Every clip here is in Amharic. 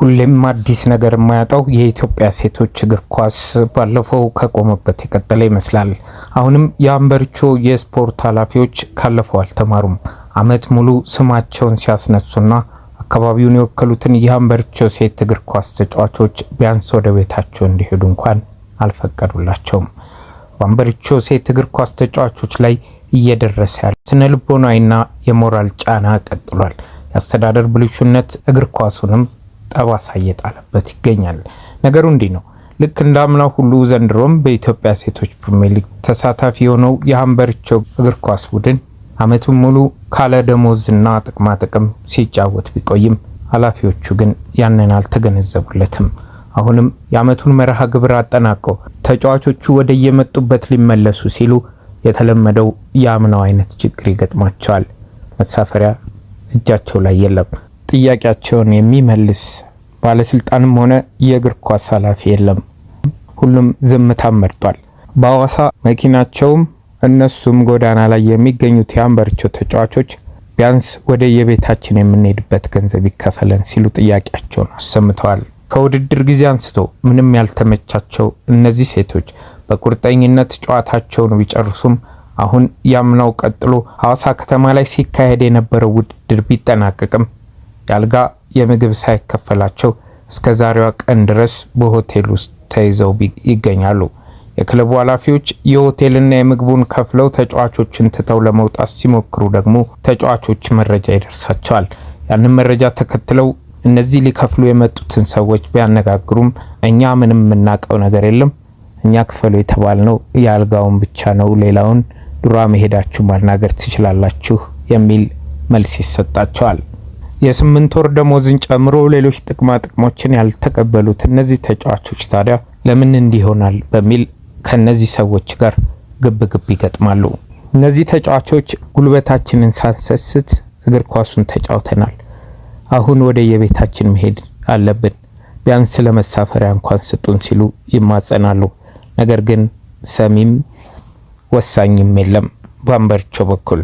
ሁሌም አዲስ ነገር የማያጣው የኢትዮጵያ ሴቶች እግር ኳስ ባለፈው ከቆመበት የቀጠለ ይመስላል። አሁንም የአንበርቾ የስፖርት ኃላፊዎች ካለፈው አልተማሩም። አመት ሙሉ ስማቸውን ሲያስነሱና አካባቢውን የወከሉትን የአንበርቾ ሴት እግር ኳስ ተጫዋቾች ቢያንስ ወደ ቤታቸው እንዲሄዱ እንኳን አልፈቀዱላቸውም። በአንበርቾ ሴት እግር ኳስ ተጫዋቾች ላይ እየደረሰ ያለ ስነ ልቦናዊና የሞራል ጫና ቀጥሏል። የአስተዳደር ብልሹነት እግር ኳሱንም ጠባሳ እየጣለበት ይገኛል። ነገሩ እንዲህ ነው። ልክ እንዳምናው ሁሉ ዘንድሮም በኢትዮጵያ ሴቶች ፕሪሚየር ሊግ ተሳታፊ የሆነው የሀምበሪቾ እግር ኳስ ቡድን አመቱን ሙሉ ካለ ደሞዝና ጥቅማ ጥቅም ሲጫወት ቢቆይም ኃላፊዎቹ ግን ያንን አልተገነዘቡለትም። አሁንም የአመቱን መርሃ ግብር አጠናቀው ተጫዋቾቹ ወደ የመጡበት ሊመለሱ ሲሉ የተለመደው የአምናው አይነት ችግር ይገጥማቸዋል። መሳፈሪያ እጃቸው ላይ የለም። ጥያቄያቸውን የሚመልስ ባለስልጣንም ሆነ የእግር ኳስ ኃላፊ የለም። ሁሉም ዝምታን መርጧል። በሐዋሳ መኪናቸውም እነሱም ጎዳና ላይ የሚገኙት የአንበርቾ ተጫዋቾች ቢያንስ ወደ የቤታችን የምንሄድበት ገንዘብ ይከፈለን ሲሉ ጥያቄያቸውን አሰምተዋል። ከውድድር ጊዜ አንስቶ ምንም ያልተመቻቸው እነዚህ ሴቶች በቁርጠኝነት ጨዋታቸውን ቢጨርሱም አሁን ያምናው ቀጥሎ ሐዋሳ ከተማ ላይ ሲካሄድ የነበረው ውድድር ቢጠናቀቅም የአልጋ የምግብ ሳይከፈላቸው እስከ ዛሬዋ ቀን ድረስ በሆቴል ውስጥ ተይዘው ይገኛሉ። የክለቡ ኃላፊዎች የሆቴልና የምግቡን ከፍለው ተጫዋቾችን ትተው ለመውጣት ሲሞክሩ ደግሞ ተጫዋቾች መረጃ ይደርሳቸዋል። ያንን መረጃ ተከትለው እነዚህ ሊከፍሉ የመጡትን ሰዎች ቢያነጋግሩም እኛ ምንም የምናውቀው ነገር የለም፣ እኛ ክፈሉ የተባልነው የአልጋውን ብቻ ነው፣ ሌላውን ዱራ መሄዳችሁ ማናገር ትችላላችሁ የሚል መልስ ይሰጣቸዋል። የስምንት ወር ደሞዝን ጨምሮ ሌሎች ጥቅማ ጥቅሞችን ያልተቀበሉት እነዚህ ተጫዋቾች ታዲያ ለምን እንዲህ ይሆናል በሚል ከእነዚህ ሰዎች ጋር ግብ ግብ ይገጥማሉ። እነዚህ ተጫዋቾች ጉልበታችንን ሳንሰስት እግር ኳሱን ተጫውተናል፣ አሁን ወደ የቤታችን መሄድ አለብን፣ ቢያንስ ለመሳፈሪያ እንኳን ስጡን ሲሉ ይማጸናሉ። ነገር ግን ሰሚም ወሳኝም የለም ባምበርቾ በኩል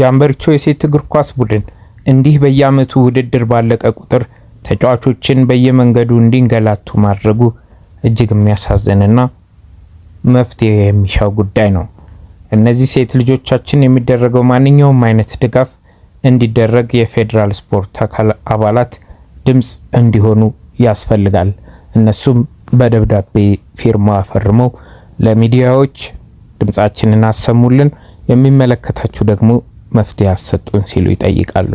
የአንበርቾ የሴት እግር ኳስ ቡድን እንዲህ በየአመቱ ውድድር ባለቀ ቁጥር ተጫዋቾችን በየመንገዱ እንዲንገላቱ ማድረጉ እጅግ የሚያሳዝንና መፍትሄ የሚሻው ጉዳይ ነው። እነዚህ ሴት ልጆቻችን የሚደረገው ማንኛውም አይነት ድጋፍ እንዲደረግ የፌዴራል ስፖርት አካል አባላት ድምፅ እንዲሆኑ ያስፈልጋል። እነሱም በደብዳቤ ፊርማ ፈርመው ለሚዲያዎች ድምፃችንን አሰሙልን። የሚመለከታችሁ ደግሞ መፍትሄ አሰጡን ሲሉ ይጠይቃሉ።